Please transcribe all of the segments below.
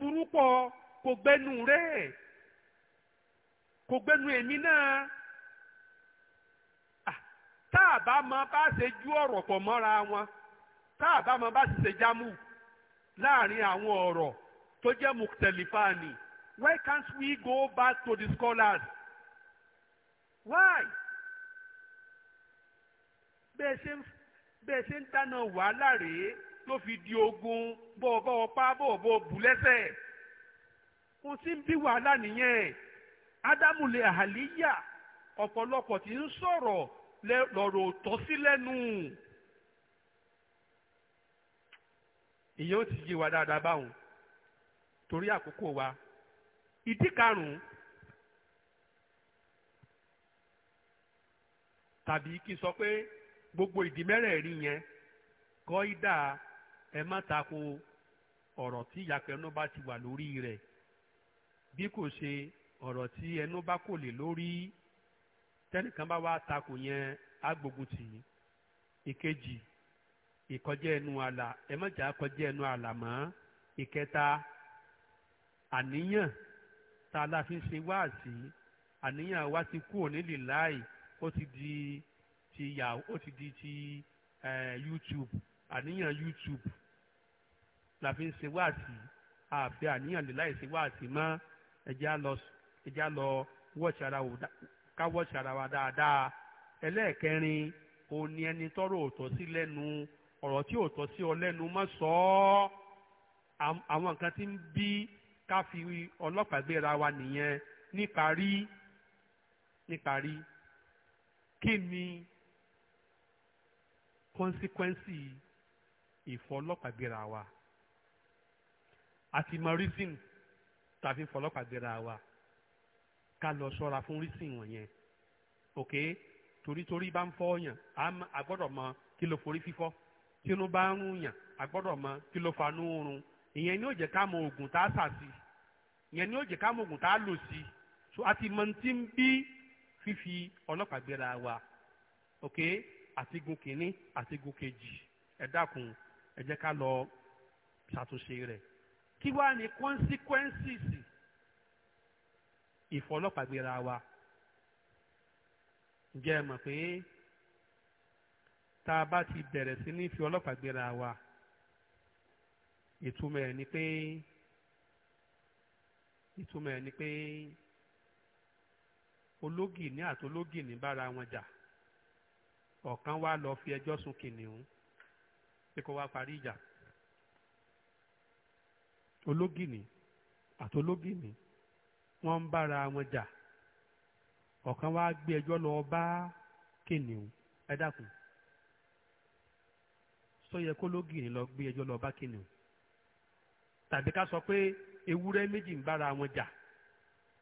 burú pọ̀ kò gbẹnu rẹ̀ kò gbẹnu èmi náà tá a bá mọ bá ṣe ju ọ̀rọ̀ pọ̀ mọ́ra wọn tá a bá mọ bá ṣe ṣe jámù láàrin àwọn ọ̀rọ̀ tó jẹ́ mùtẹ̀lifáàní why can't we go back to the scholars why bẹ́ẹ̀ ṣe ń dáná wàhálà rèé. tó fi di ogun bọ́ọ̀ bọ́ọ̀ pa bọ́ọ̀ bọ́ọ̀ bù lẹ́sẹ̀ kò ń bí wàhálà nìyẹn ádámù lè àhàlíyà ọ̀pọ̀lọpọ̀ ti ń sọ̀rọ̀ lọ́rọ̀ òtọ́ sí lẹ́nu ìyẹn ò ti yé wa dáadáa báwọn torí àkókò sọ pé gbogbo ìdí mẹ́rẹ̀ẹ̀rin yẹn kọ́ ẹ má tako ọ̀rọ̀ tí ìyàpẹ̀ ẹnu bá ti wà lórí rẹ̀ bí kò ṣe ọ̀rọ̀ tí ẹnu bá kò lè lórí tẹ́nìkan bá wá tako yẹn á gbógun tì í ìkejì ìkọjá ẹnu àlà ẹ má jà kọjá ẹnu àlà mọ́ ìkẹta àníyàn tá la fi ń ṣe wáàsí àníyàn wa ti kú òní lè láì ó ti di ti yahoo ó ti di ti eh, YouTube àníyàn YouTube la fi ń ṣe wáàsí àfi àníyàn lè láì ṣe wáàsí mọ́ ẹ̀jẹ̀ á lọ ẹ̀jẹ̀ lọ wọ́ọ̀ṣì ara wò ká wọ́ọ̀ṣì ara wa dáadáa ẹlẹ́ẹ̀kẹrin òun ni ẹni tọ́rọ̀ òótọ́ sí lẹ́nu ọ̀rọ̀ tí òótọ́ sí ọ lẹ́nu mọ́ sọ ọ́ àwọn nǹkan tí ń bí ká fi ọlọ́pàá gbéra wa nìyẹn níparí níparí kí ni kọ́nsíkwẹ́nsì ìfọlọ́pàá gbéra wa àti mọ rísìn tàbí fọlọ́pàá gbéra wa ká lọ sọ́ra fún rísìn wọ̀nyẹn ok torítorí bá ń fọ́ yàn a gbọ́dọ̀ mọ kí ló forí fífọ́ tí inú bá ń yàn a mọ kí ló fanú rún ìyẹn ni ó jẹ́ ká mọ oògùn tá a sà sí ìyẹn ni ó jẹ́ ká mọ oògùn tá a lò sí so àti mọ tí ń bí fífi ọlọ́pàá gbéra wa ok àti gun kìíní àti gun kejì ẹ dákun ẹ jẹ́ ká lọ ṣàtúnṣe rẹ̀ kí wá ní consequences ìfọlọ́pàgbéra wa ǹjẹ́ ẹ mọ̀ pé tá a bá ti bẹ̀rẹ̀ sí ní fi ọlọ́pàgbéra wa ìtumọ̀ ẹ̀ ni pé ìtumọ̀ ẹ̀ ni pé ológìní àti ológìní bára wọn jà ọ̀kan wá lọ fi ẹjọ́ sùn kìnìún pé kó wá parí ìjà ológìní àti ológìní wọ́n ń bára wọn jà ọ̀kan wá gbé ẹjọ́ lọ bá kìnìún ẹ dákun sọ yẹ kó ológìní lọ gbé ẹjọ́ lọ bá kìnìún tàbí ká sọ pé ewúrẹ́ méjì ń bára wọn jà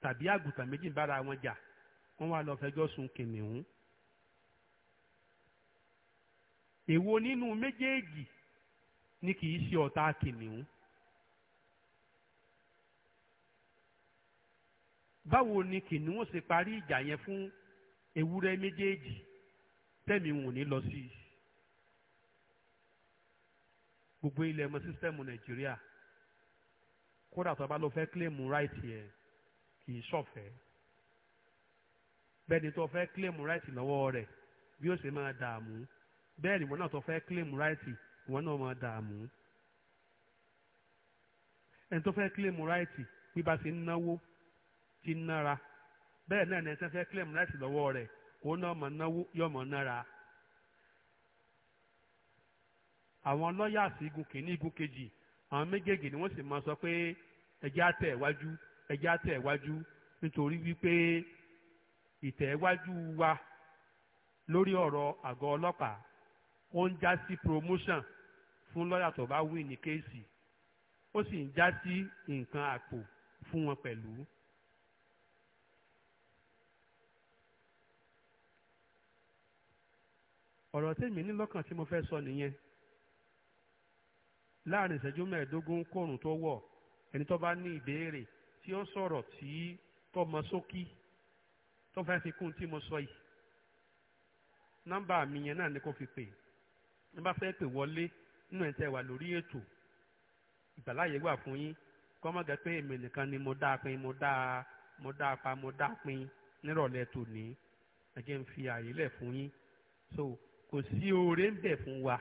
tàbí àgùntàn méjì ń bára wọn jà wọ́n wá lọ fẹjọ́ sùn kìnìún. èwo nínú méjèèjì ni kì í ṣe ọ̀tá kìnìún. báwo ni kìnìún ṣe parí ìjà yẹn fún ewúrẹ́ méjèèjì tẹ̀mí wò ní lọ sí i gbogbo ilẹ̀ ẹ̀mọ sísítẹ́ẹ̀mù nàìjíríà kódà tó a bá lọ fẹ́ kílèmù ráìtì ẹ̀ kì í ṣọ̀fẹ́ bẹ́ẹ̀ ni tó fẹ́ kílèmù ráìtì lọ́wọ́ rẹ̀ bí ó ṣe máa dààmú bẹ́ẹ̀ ni wọn náà tó fẹ́ kílèmù ráìtì wọn náà máa dààmú ẹni tó fẹ́ kílèmù ráìtì bí bá ṣe ń náwó ti ń nára bẹ́ẹ̀ náà ní ẹni tí wọ́n fẹ́ claim láti lọ́wọ́ rẹ̀ òun náà mọ̀ náwó yọ̀mọ̀ nára. àwọn lọ́ọ̀yà sí igun kìíní igun kejì àwọn méjèèjì ni wọ́n sì máa sọ pé ẹjẹ́ àtẹ̀ iwájú ẹjẹ́ àtẹ̀ iwájú nítorí wípé ìtẹ̀wájú wa lórí ọ̀rọ̀ àgọ́ ọlọ́pàá ó ń já sí promotion fún lọ́yà tó bá wí ní kéèsì ó sì ń já sí nǹkan àpò fún wọn pẹ̀lú. ọ̀rọ̀ tèmi ní lọ́kàn tí mo fẹ́ sọ nìyẹn láàrin ìṣẹ́jú mẹ́ẹ̀ẹ́dógún kóòrùn tó wọ̀ ẹni tó bá ní ìbéèrè tí ó sọ̀rọ̀ tí tọmọ sókí tó fẹ́ fi kún tí mo sọ yìí nọ́mbà mi yẹn náà ni kò fi pè ní bá fẹ́ pè wọlé nínú ẹ̀ tẹ́ wà lórí ètò ìgbàláyè wà fún yín kọ́mọ́gẹ́ pé èmi nìkan ni mo dáa pin mo dáa mo dáa pa mo dáa pin nírọ̀lẹ́ tòní ẹ̀jẹ̀ ń fi àyè lẹ̀ fún yín so kò sí oore ń bẹ̀ fún wa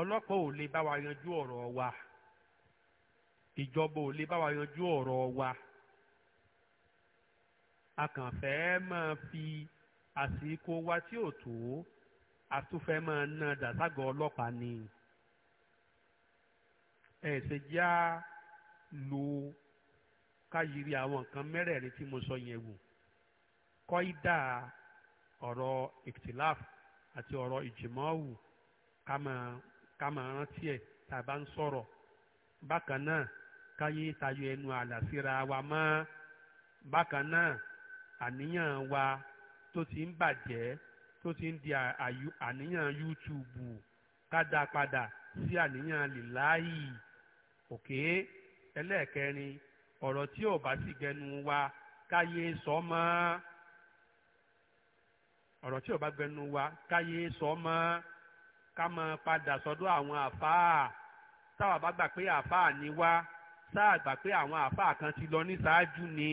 ọlọ́pàá ò lè bá wa yanjú ọ̀rọ̀ wa ìjọba ò lè bá wa yanjú ọ̀rọ̀ wa a kàn fẹ́ máa fi àsìkò wa tí ò tó a tún fẹ́ máa ná dàságọ̀ ọlọ́pàá ni ẹ̀ ṣe já lo káyiri àwọn nǹkan mẹ́rẹ̀ẹ̀rin tí mo sọ yẹn wò kọ́ ìdá ọ̀rọ̀ ìtìláf àti ọ̀rọ̀ ìjìmọ́wù kama máa rántí ẹ̀ tá a bá ń sọ̀rọ̀ bákan náà káyé tayọ ẹnu àlà síra wa mọ́ bákan náà àníyàn wa tó ti ń bàjẹ́ tó ti ń di àníyàn yútùbù ká dá padà sí àníyàn lìláyì òkè ẹlẹ́ẹ̀kẹrin ọ̀rọ̀ tí ò bá sì gẹnu wa káyé sọ mọ́. ọ̀rọ̀ tí ò bá gbẹnu wa káyé sọ mọ́ ká máa padà sọ́dọ̀ àwọn àfáà táwa bá gbà pé àfáà ni wá sáà gbà pé àwọn àfáà kan ti lọ ní ṣáájú ni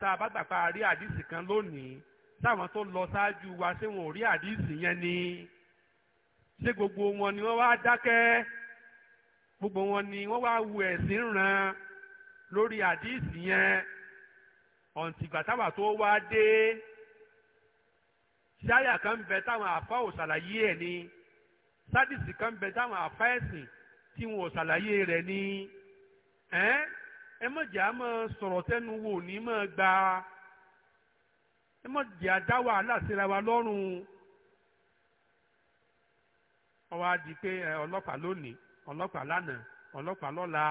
tá bá gbà pé a rí àdìsí kan lónìí táwọn tó lọ ṣáájú wa ṣé wọn ò rí àdìsí yẹn ni ṣé gbogbo wọn ni wọ́n wá dákẹ́ gbogbo wọn ni wọ́n wá wu ẹ̀sìn ràn lórí àdìsí yẹn ọ̀ǹtìgbà táwa tó wá dé tíráyà kan bẹ táwọn àfa ò ṣàlàyé ẹ̀ ni sádìsì kan bẹ táwọn àfa ẹ̀sìn tí wọn ò ṣàlàyé rẹ̀ ni ẹ́ ẹ mọ̀jà á máa sọ̀rọ̀ tẹ́nu wo ní máa gba ẹ mọ̀jà dá wàhálà síra wa lọ́rùn ọwọ́ á di pé ọlọ́pàá lónìí ọlọ́pàá lánàá ọlọ́pàá lọ́la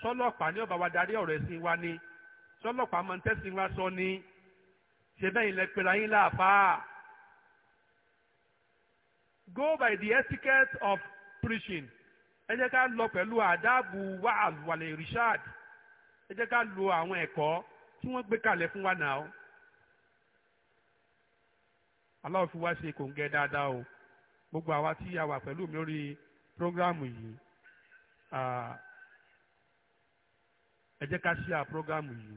sọlọ́pàá ní ọba wa darí ọ̀rọ̀ ẹ̀sìn wa ni sọlọ́pàá máa ń tẹ́sìn wa sọ ni ṣe bẹ́ẹ̀ ilẹ̀ pẹ̀lú ayé láàfáà go by the etiquette of preaching ẹ jẹ́ ká lọ pẹ̀lú àdáàbù wa àlùwàlẹ̀ richard ẹ jẹ́ ká lo àwọn ẹ̀kọ́ tí wọ́n gbé kalẹ̀ fún wa náà Allah fi wá ṣe kòǹgẹ́ dáadáa o gbogbo àwa tí a wà pẹ̀lú mi lórí prógrámù yìí ẹ jẹ́ ká ṣíà prógrámù yìí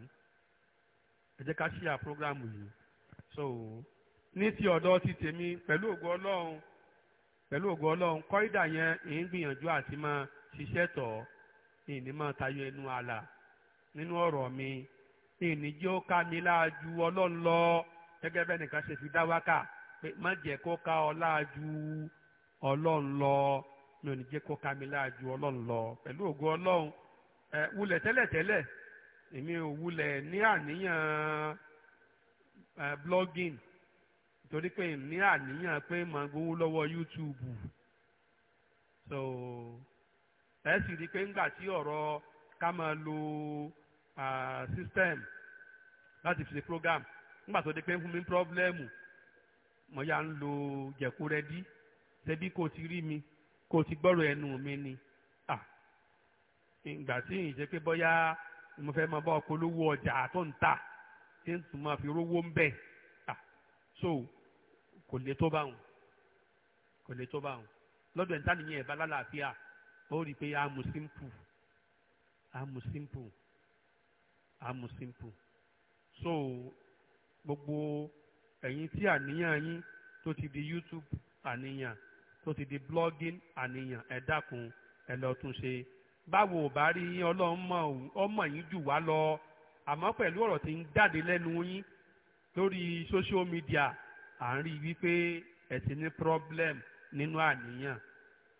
ẹ jẹ́ ká ṣíà prógrámù yìí so ní ti ọ̀dọ́ ti tèmi pẹ̀lú ògo Ọlọ́run pẹ̀lú ògo ọlọ́run kọ́ídà yẹn èyí ń gbìyànjú àti máa ṣiṣẹ́ tọ̀ ìní máa tayọ ẹnu àlà nínú ọ̀rọ̀ mi ìní jẹ́ ó ká mi láàjú ọlọ́run lọ gẹ́gẹ́ bẹ́ẹ̀ nìkan ṣe fi dá wákà pé má jẹ́ kó ká ọ láàjú ọlọ́run lọ mi ò ní jẹ́ kó ká mi láàjú ọlọ́run lọ pẹ̀lú ògo ọlọ́run ẹ wulẹ̀ tẹ́lẹ̀tẹ́lẹ̀ èmi ò wulẹ̀ ní àníyàn blogging torí pé n ní àníyàn pé màá gbowó lọ́wọ́ YouTube so ẹ sì rí i pé ńgbà tí ọ̀rọ̀ ká máa lo system láti fi ṣe program ńgbà tó di pé ń fún mi pírọ́blẹ́mù mo yà ń lo jẹ̀kú rẹ dí ṣebí kò ti rí mi kò ti gbọ́rọ̀ ẹnu mi ni ìgbà tí ì ṣe pé bóyá mo fẹ́ máa bá ọkọ̀ olówó ọjà tó ń tà tí ń tún máa fi rówó ń bẹ̀ so kò lè tó báwọn kò lè tó báwọn lọ́dọ̀ ẹ̀ńtà nìyẹn ẹ̀bá lálàáfíà ó rí i pé àmù simple àmù simple àmù simple so gbogbo ẹ̀yin tí àníyàn yín tó ti di YouTube àníyàn tó ti di blogging àníyàn ẹ dákun ẹ lọ tún ṣe báwo ò bá rí yín ọlọ́run ọmọ yín jù wá lọ àmọ́ pẹ̀lú ọ̀rọ̀ tí ń jáde lẹ́nu yín lórí social media à ń rí wípé ẹ ti ní problem nínú àníyàn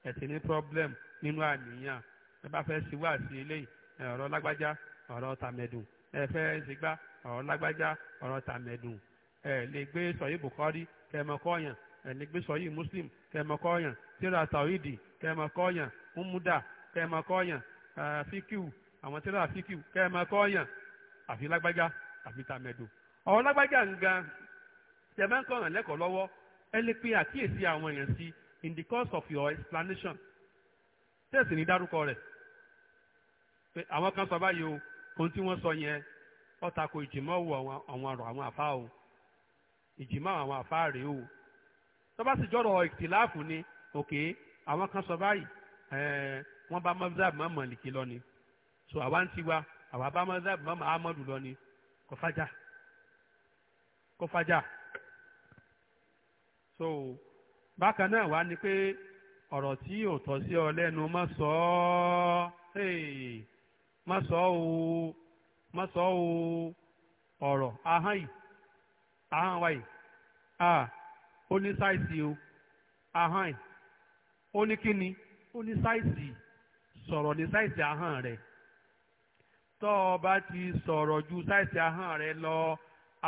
ẹ ti ní problem nínú àníyàn ẹ bá fẹ́ ṣíwá sí eléyìí ọ̀rọ̀ lágbájá ọ̀rọ̀ tàmẹ̀dùn ẹ fẹ́ ṣègbà ọ̀rọ̀ lágbájá ọ̀rọ̀ tàmẹ̀dùn ẹ lè gbé sọ̀yí Bukhari kẹmọkọ́yàn ẹ lè gbé sọ̀yí Muslim kẹmọkọ́yàn tíra tàwídì kẹmọkọ́yàn umuda kẹmọkọ́yàn fíkìw àwọn tíra fíkìw kẹmọkọ́yàn àfi lágbájá àfi tàmẹ̀dùn ọ̀rọ̀ lágbájá ngan tẹ́ bá ń kọ́ ọ̀ràn lẹ́kọ̀ọ́ lọ́wọ́ ẹ lè pe àkíyèsí àwọn èèyàn sí in the course of your explanation tẹ́sí ní dárúkọ rẹ̀ pé àwọn kan sọ báyìí o ohun tí wọ́n sọ yẹn ó tako ìjìmọ̀ wù àwọn ọ̀rọ̀ àwọn àfa o ìjìmọ̀ àwọn àfa rèé o tó bá sì jọ̀rọ̀ ìtìláàfù ni òkè àwọn kan sọ báyìí wọ́n bá mọ́sáàbù mọ́ mọ̀lìkì lọ ni so àwa ń tiwa àwa bá mọ́sáàbù mọ́ mọ́ amadu lọ ni kò fàjà kò fàjà. so bákan náà wá ni pé ọ̀rọ̀ tí ò tọ́ sí ọ lẹ́nu má sọ ọ́ má sọ ọ́ má sọ ọ́ ọ̀rọ̀ ahọ́n yìí ahọ́n wa yìí a ó ní sáìsì o ahọ́n yìí ó ní kíni ó ní sáìsì sọ̀rọ̀ ní sáìsì ahọ́n rẹ̀ tọ́ ọ bá ti sọ̀rọ̀ ju sáìsì ahọ́n rẹ̀ lọ.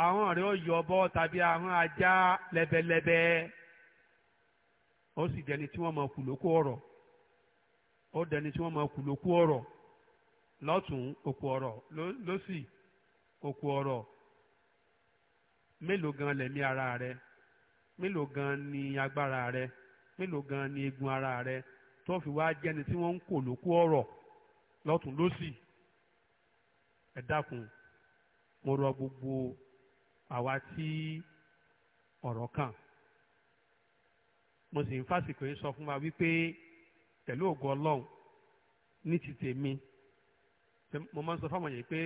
àwọn rẹ̀ ó tàbí àwọn ajá lẹ́bẹ̀lẹ́bẹ̀ ó sì dẹni tí wọ́n mọ kù lókù ọ̀rọ̀ ó dẹni tí wọ́n kù lókù ọ̀rọ̀ lọ́tún òkú ọ̀rọ̀ lọ́sì òkú ọ̀rọ̀ mélòó gan lẹ̀mí ara rẹ mélòó gan ni agbára rẹ mélòó gan ni ara rẹ tó fi wá jẹ́ni tí wọ́n ń kò lókù àwa tí ọ̀rọ̀ kàn mo sì ń fásitì sọ fún wa wípé pẹ̀lú ògo ọlọ́run ní ti tèmi mo máa ń sọ fáwọn yẹn pé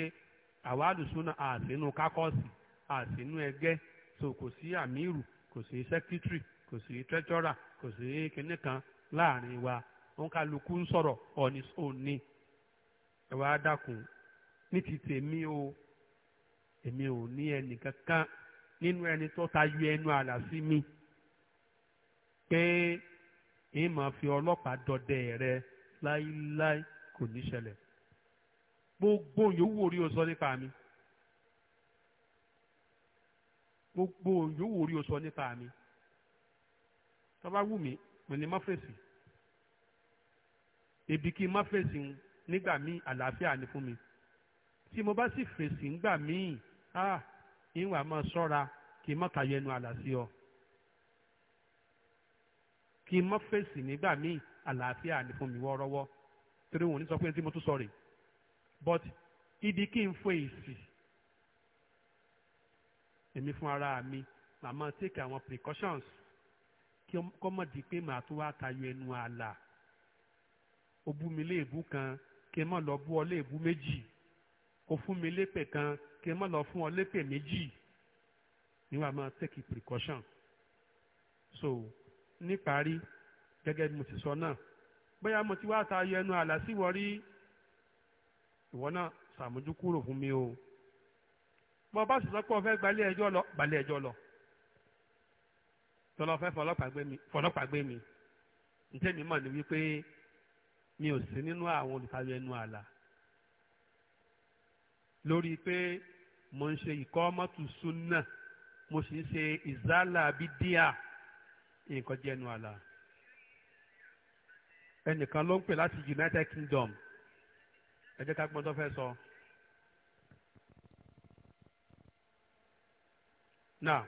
àwa àdùsúnà àsínú kákọ́ọ̀sì ẹgbẹ́ so kò sí àmírù kò sí sẹ́kítírì kò sí tẹ́tọ́rà kò sí kinní kan láàrin wa wọn kálukú ń sọ̀rọ̀ ọ̀nì òní ẹ wá dákun ní ti tèmi o. èmi ò ní ẹnì kankan nínú ẹni tó tayọ ẹnu àlà sí mi pé ìmọ̀ fi ọlọ́pàá dọdẹ rẹ láíláí kò ní ṣẹlẹ̀ gbogbo yòówù orí o sọ nípa mi gbogbo yòówù orí o nípa mi tó wù mí mo ní má ibi kí n nígbà míì àlàáfíà ni fún mi tí mo bá sì fèsì ńgbà míì á ìwà máa ṣọ́ra kí n má tayọ ẹnu àlà sí ọ kí n má fèsì nígbà míì àlàáfíà ní fún mi wọ́ọ́rọ́wọ́ torí wọn ò ní sọ pé tí mo tún sọ rè but ibi kí n fọ èsì èmi fún ara mi màá máa take àwọn precautions kí kọ́ mọ̀ di pé màá tún wá tayọ ẹnu àlà ó bú mi léèbú kan kí n má lọ bú ọ léèbú méjì kó fún mi lépè kan kí n má lọ fún ọ lépè méjì ni wàá máa take precaution so níparí gẹ́gẹ́ bí mo ti sọ náà bóyá mo ti wá ta ayọ ẹnu àlá sí wọ rí ìwọ náà ṣàmójúkúrò fún mi o bọ́ bá sì sọ pé o fẹ́ gbalẹ̀ ẹjọ́ lọ gbalẹ̀ ẹjọ́ lọ tọ́lọ́ fẹ́ fọlọ́pàá gbé mi ntẹ́mi mọ̀ ni wípé mi ò sí nínú àwọn olùtayọ ẹnu àlá lórí pé mo ń ṣe ìkọ́ mọ́tò súnà mo sì ń ṣe ìzálà bídíà nǹkan jẹnu àlà ẹnìkan ló ń pè láti United Kingdom ẹ jẹ́ ká gbọ́n tó fẹ́ sọ. náà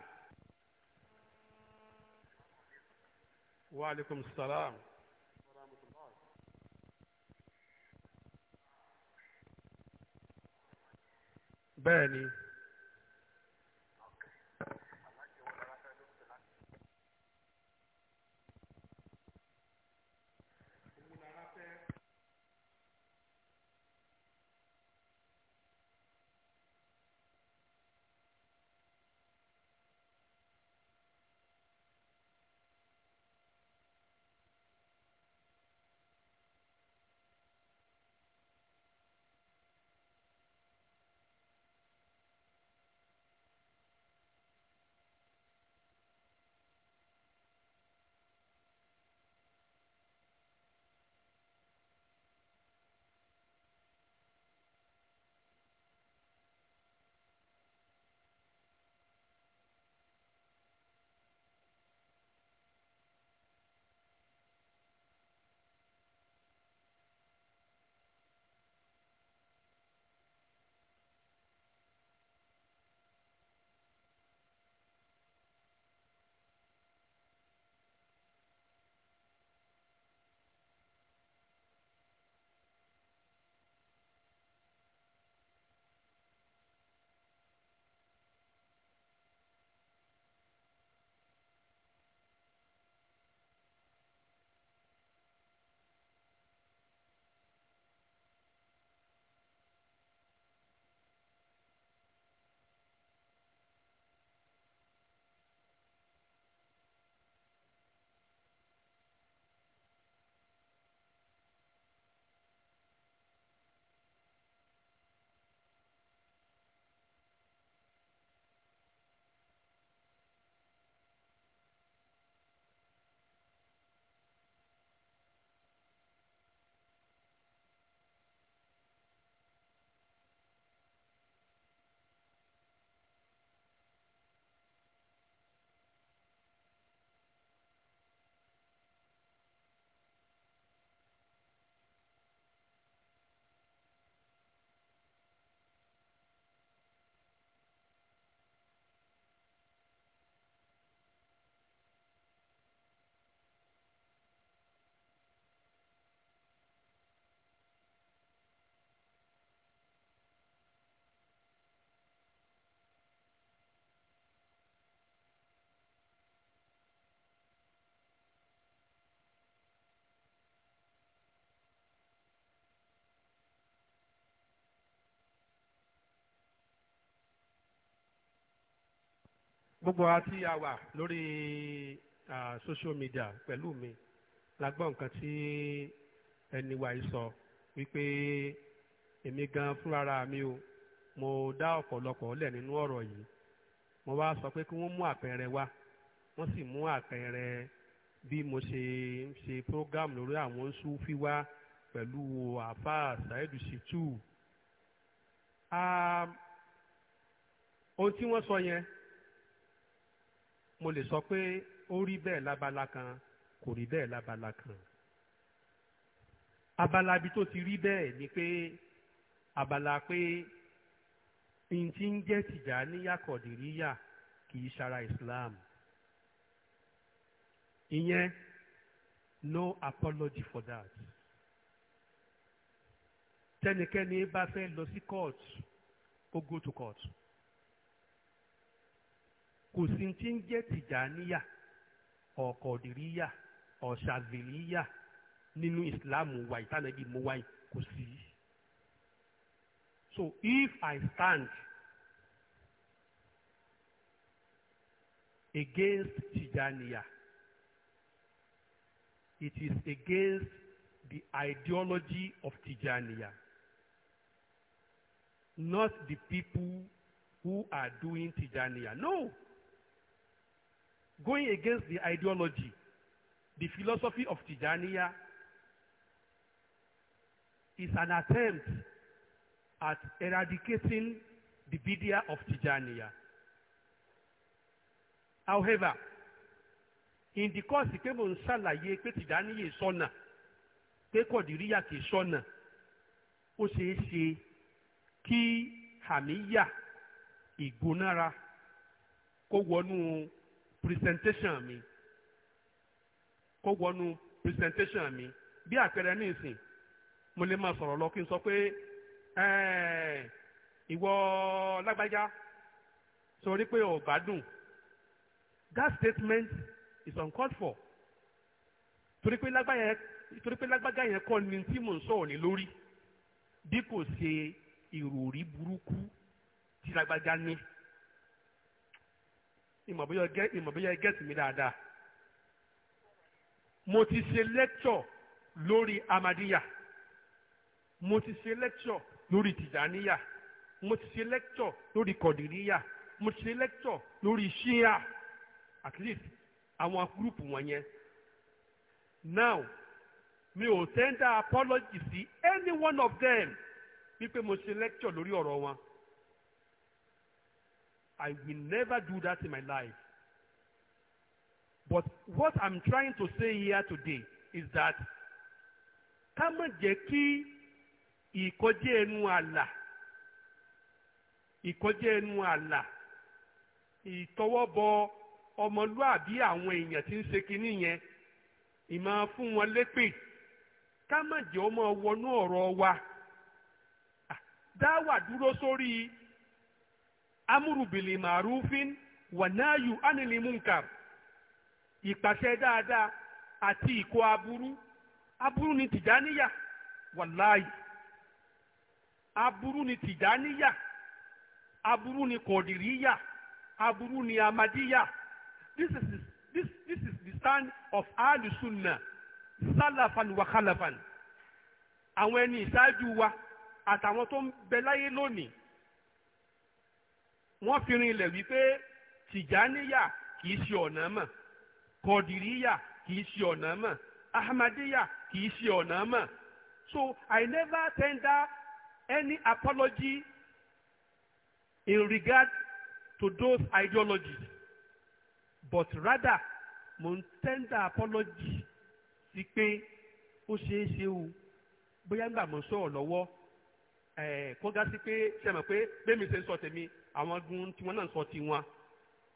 wa aleykum salaam. bẹ́ẹ̀ ni. gbogbo àti lori lórí social media pẹ̀lú mi la gbọ́ nǹkan tí ẹni wa yìí sọ wípé èmi gan fúnra mi o mo dá ọ̀pọ̀lọpọ̀ lẹ̀ nínú ọ̀rọ̀ yìí mo wá sọ pé kí wọ́n mú àpẹẹrẹ wá wọ́n sì mú àpẹẹrẹ bí mo ṣe ń ṣe program lórí àwọn Sufi wá pẹ̀lú àáfàá Saheed Shittu ohun tí wọ́n sọ yẹn mo lè sọ pé ó rí bẹ́ẹ̀ lábala kan kò rí bẹ́ẹ̀ lábala kan abala bi tó ti rí bẹ́ẹ̀ ni pé abala pé n ti ń jẹ́ Tìjàníyà Kọ̀dìríyà kì í ṣara Islam ìyẹn no apology for that tẹnikẹ́ni bá fẹ́ lọ sí court ó go to court kò sí ti ń jẹ́ tìjàníyà ọ̀kọ̀dìríyà ọ̀ṣàzìlíyà nínú ìsìláàmù wa ìtànàbí mo wáyé kò sí. So if I stand against Tijaniya, it is against the ideology of Tijaniya, not the people who are doing Tijaniya. No going against the ideology, the philosophy of Tijaniya is an attempt at eradicating the bidia of Tijaniya. However, in the course pé mo ń ṣàlàyé pé Tijaniya sọ́nà pé Kọ̀dìríyà kì í sọ́nà ó ṣeé ṣe kí hàmíyà ìgbónára kó wọnú presentation mi kó wọnú presentation mi bí àpẹẹrẹ ní ìsìn mo lè máa sọ̀rọ̀ lọ kí n sọ pé ìwọ lágbájá sọrí pé ò gbádùn that statement is uncalled for torí pé lágbájá yẹn kọ́ ni tí mò ń sọ̀rọ̀ ní lórí bí kò ṣe ìròrí burúkú tí lágbájá ní ìmọ̀bíyá gẹ́tì mi dáadáa mo ti ṣe lẹ́kṣọ̀ lórí amadiya mo ti ṣe lẹ́kṣọ̀ lórí tìjàníyà mo ti ṣe lẹ́kṣọ̀ lórí kọ̀dìríyà mo ti ṣe lẹ́kṣọ̀ lórí ṣíà at least àwọn gúrùpù wọ̀nyẹn now mi ò tẹ́ńdà apology sí any one of them wípé mo ṣe lẹ́kṣọ̀ lórí ọ̀rọ̀ wọn. I will never do that in my life. But what I'm trying to say here today is that ká má ki ikoje enu ala ikoje enu ala àlà ìtọwọ́bọ ọmọlúàbí àwọn èèyàn tí ń ṣe kinní yẹn ìmọ̀ fún wọn lépè ká má jẹ́ ọmọ wọnú ọ̀rọ̀ wa dáwà dúró sórí amúrù bìlì màrúfin wànáyù ánìlímùnkàr ìpàṣẹ dáadáa àti ìkọ aburú aburú ni tìjáníyà wàláyì aburú ni tìjáníyà aburú ni kọ̀dìríyà aburú ni amadi amadíyà this is this this is the stand of alusunna salafan wa khalafan àwọn ẹni ìṣáájú wa àtàwọn tó ń bẹ láyé lónìí wọ́n fi rin ilẹ̀ wípé tìjáníyà kìí ṣe ọ̀nà mọ̀ kọ̀dìríyà kìí ṣe ọ̀nà mọ̀ ahmadiyya kìí ṣe ọ̀nà mọ̀ so I never tender any apology in regard to those ideologies but rather mo tender apology sí pé ó ṣeé ṣe o bóyá ń gbà mọ́ sọ̀rọ̀ lọ́wọ́ kó gá sí pé ṣe mọ̀ pé bẹ́ẹ̀ mi ṣe ń sọ tèmi àwọn gun tiwọn náà sọ tiwọn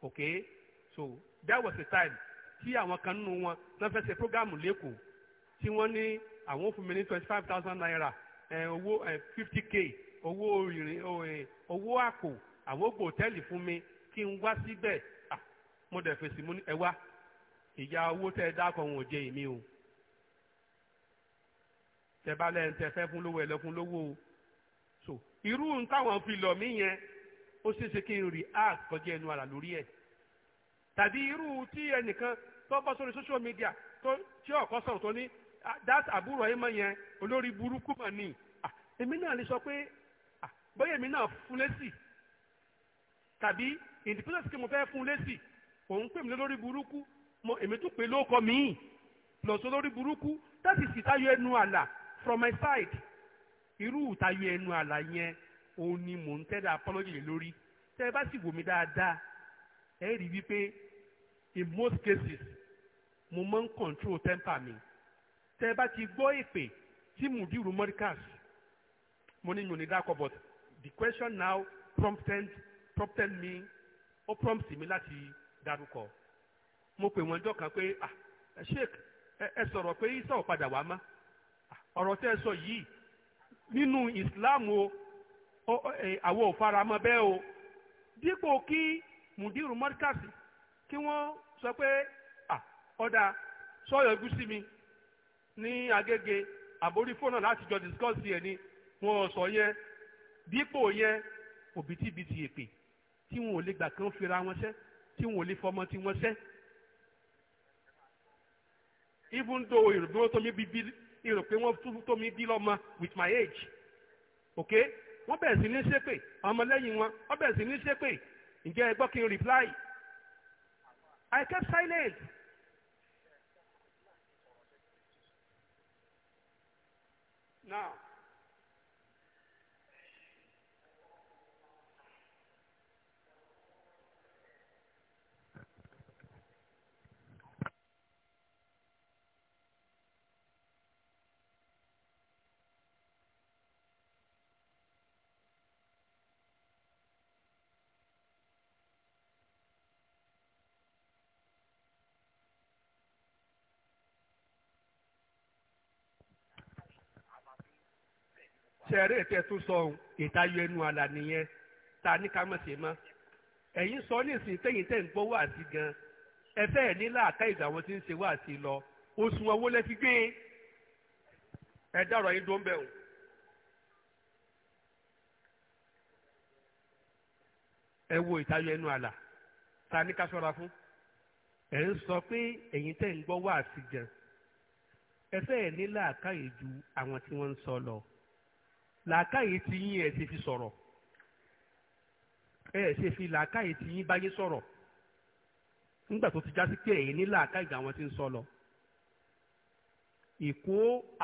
ok so that was the time tí àwọn kan nínú wọn náà fẹ́ ṣe programu lẹ́kọ̀ọ́ tí wọ́n ní àwọn fún mi ní twenty five thousand naira owó fifty k owó ìrìn owó àpò àwọn ògbò hòtẹ́ẹ̀lì fún mi kí n wá síbẹ̀ ah, mo dẹ̀ fèsì mo ní ẹ wá ìyá owó tẹ́ ẹ dákọ̀ wọn ò jẹ èmi o tẹ bá lẹ́yìn tẹ fẹ́ fún lówó ẹ lọ fún lówó o so irú táwọn fi lọ mí yẹn ó ṣeéṣe kí n react kọjá ẹnu àlà lórí ẹ̀ tàbí irú tí ẹnìkan tó bọ́ sórí social media tó tí ọ̀kọ́ sọ̀rọ̀ tó ní ah, that àbúrò ẹ̀ mọ̀ yẹn olórí burúkú mọ̀ ni ah, èmi náà lè sọ pé ah, bóyá èmi náà fún lésì tàbí independence kí mo fẹ́ fún lésì òun pè mí lórí burúkú mo èmi tún pè lóko míì lọ́sọ lórí burúkú that is ìtayọ ẹnu àlà from my side irú ìtayọ ẹnu àlà yẹn òun ni mò ń tẹ́lẹ̀ apology lé lórí tẹ́ ẹ bá sì wò mí dáadáa ẹ rí wípé in most cases mo máa ń control temper mi tẹ́ ẹ bá ti gbọ́ èpè tí mudiru morikas mo ní yòó ní dákọ̀ but the question now prompted prompted me ó prompt mi láti dárúkọ mo pè wọ́n jọ́ kan pé ah sheik ẹ sọ̀rọ̀ pé isa ò padà wá mọ́ ah, ọ̀rọ̀ tẹ́ ẹ sọ yìí nínú Islam o àwọn ò fara mọ́ bẹ́ẹ̀ o dípò kí mùdírù mọ́díkàsì kí wọ́n sọ pé ọ̀dà sọ́yọ̀ ẹ̀gúsí mi ní agége àbórí fóònù láti jọ discuss yẹn ni wọ́n sọ yẹn dípò yẹn òbítíbitì èpè tí wọn ò lè gbà kán fira wọn ṣẹ́ tí wọn ò lè fọmọ tí wọn ṣẹ́. even though ìròpé wọn tó mi bí bí with my age okay wọ́n bẹ̀rẹ̀ sí ní ṣépè ọmọlẹ́yìn wọn wọ́n bẹ̀rẹ̀ sí ní ṣépè ǹjẹ́ ẹ gbọ́ kí n reply I kept silent. Now. sẹ̀rẹ̀ tẹ tó sọ ohun ìtayọ ẹnu àlà nìyẹn ta ní ká mọ̀ sí mọ́ ẹ̀yin sọ ní ìsìn tẹ̀yìn tẹ̀ ń gbọ́ wáàsí gan ẹ fẹ́ẹ̀ ní láàká ìgbà wọn ti ń ṣe wáàsí lọ oṣù owó lẹ fi gbé ẹ dárò yín tó ń bẹ̀ wọ́n. ẹ wo ìtayọ ẹnu àlà ta ní ká ṣọ́ra fún ẹ ń sọ pé ẹ̀yin tẹ̀ ń gbọ́ wáàsí gan ẹ fẹ́ẹ̀ ní láàká ìju àwọn tí wọ́n ń sọ lọ làákàyè tí yín ẹ̀ ṣe fi sọ̀rọ̀ ẹ̀ ṣe fi làákàyè tí yín báyé sọ̀rọ̀ nígbà tó ti já sí pé ẹ̀yin ní làákàyè àwọn tí ń sọ lọ ìkó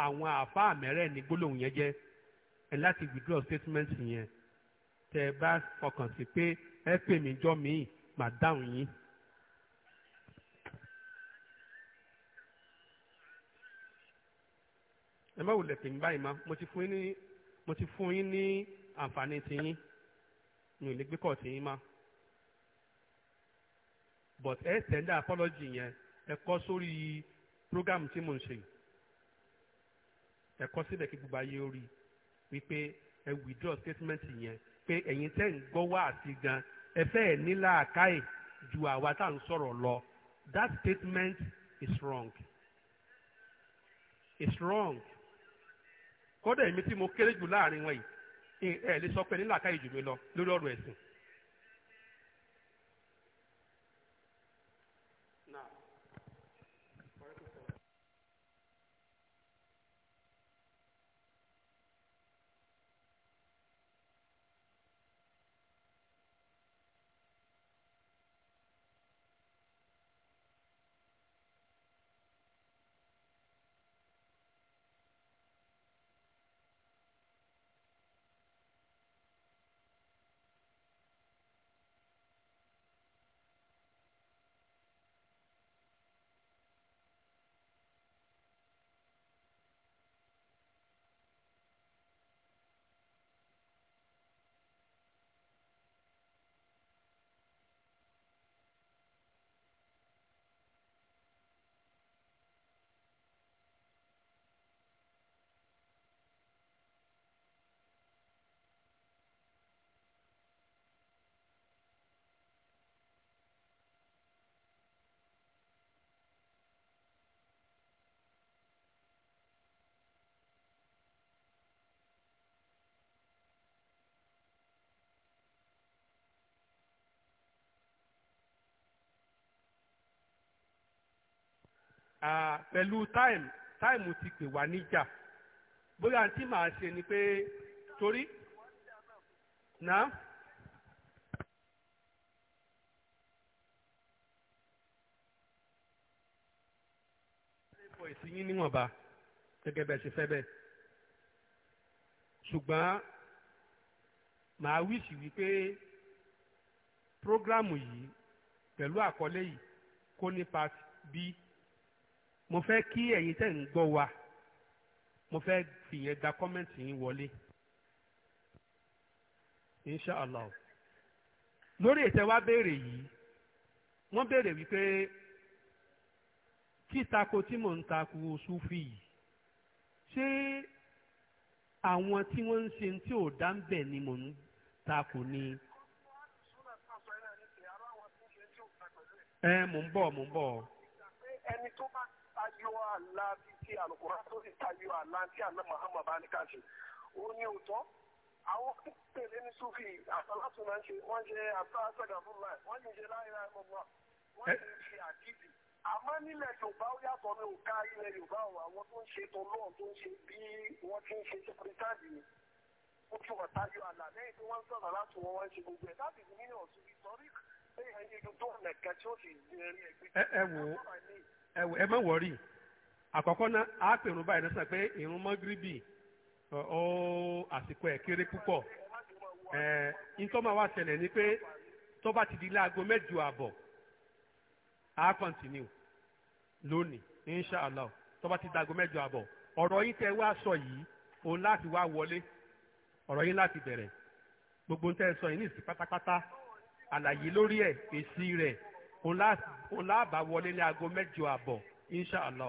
àwọn àáfàá mẹ́rẹ̀ ní gbólóhùn yẹn jẹ́ ẹ láti withdraw statement yẹn tẹ ẹ bá fọkàn sí pé ẹ pè mí jọ míì màá dáhùn yín. ẹ má wulẹ̀ pè mí báyìí má mo ti fún yín ní mo ti fún yín ní àǹfààní tiyín mi ò lè gbé tiyín mọ́ but ẹ tẹ̀ndà apology yẹn ẹ kọ́ sórí program tí mo ń ṣe ẹ kọ́ síbẹ̀ kí gbogbo ayé ó wípé ẹ withdraw statement yẹn pé ẹ̀yin tẹ́ ń gbọ́ wá àti gan ẹ fẹ́ ní làákàyè ju àwa tá à ń sọ̀rọ̀ lọ that statement is wrong. It's wrong kódà èmi tí mo kéré jù láàrin wọn yìí ẹ lè sọ pé nílàkàyè jù mí lọ lórí ọ̀rọ̀ ẹ̀sìn pẹ̀lú time táìmù ti pè wá níjà bóyá tí màá ṣe ni pé torí náà. ìsí yín níwọ̀nba gẹ́gẹ́ bẹ́ẹ̀ ṣe fẹ́ bẹ́ẹ̀ ṣùgbọ́n màá wíṣì wípé prógrámù yìí pẹ̀lú àkọlé yìí kó ní part B mo fẹ́ kí ẹ̀yin tẹ̀ ń gbọ́ wa mo fẹ́ fìyẹn gba kọ́mẹ́ǹtì yín wọlé inshallah lórí ìtẹ́wá béèrè yìí wọ́n béèrè wípé títako tí mò ń tako sufi yìí ṣé àwọn tí wọ́n ń ṣe tí ò dá ń bẹ̀ ni mò ń tako ni. ẹ mò ń bọ̀ mò ń bọ̀. ẹni tó bá wá aláàbí tí alukóra tó sì tayọ aláàbí àná mahama bá ní káṣí ó ní òótọ́ àwọn pèlè ní sufi àtàlátù náà ń ṣe wọ́n ṣe àtàlátàgà fúnra wọ́n ń ṣe láìra ẹ̀mọ́ wa wọ́n ń ṣe àkìtì àmọ́ yorùbá ó yàtọ̀ ní òkà ilẹ̀ yorùbá o àwọn tó ń ṣe tó lọ́ọ̀ tó ń ṣe bí wọ́n ti ń ṣe sẹ́kúrítàdì ni ó fi wọ́n tayọ àlà lẹ́yìn tí wọ́n ń láti wọ́n wọ́n ṣe gbogbo ẹ̀ láti ní ní ọ̀tún bí sọ́rí ẹ̀ ẹ̀ ẹ̀ ẹ̀ wò ẹ má wọrí àkọ́kọ́ náà á pèrún báyìí náà sàn pé ìrún mọ́gíríbì ó àsìkò ẹ̀ kéré púpọ̀ ẹ̀ ntọ́mà wá ṣẹlẹ̀ ni pé tó bá ti di láago mẹ́jọ àbọ̀ á kọ́ntínú lónìí inshàlá tó bá ti di láago mẹ́jọ àbọ̀ ọ̀rọ̀ yín tẹ́ wá sọ yìí òun láti wá wọlé ọ̀rọ̀ yín láti bẹ̀rẹ̀ gbogbo ń tẹ́ sọ yìí ní ìsìn pátápátá àlàyé lórí ẹ̀ èsì rẹ̀ òun láàbà wọlé ní aago mẹ́jọ àbọ̀ inshàlá.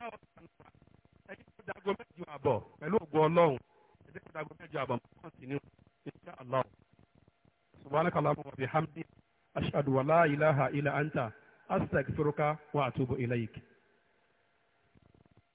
aláwọ̀ sàn wà ẹ̀yin tó dago mẹ́jọ àbọ̀ pẹ̀lú ògùn ọlọ́run ẹ̀jẹ̀ tó dago mẹ́jọ àbọ̀ mọ́ kọ́ntínú insha allah subhanaka allahumma wa bihamdi Ashadu wa la ilaha illa anta astaghfiruka wa atubu ilayk.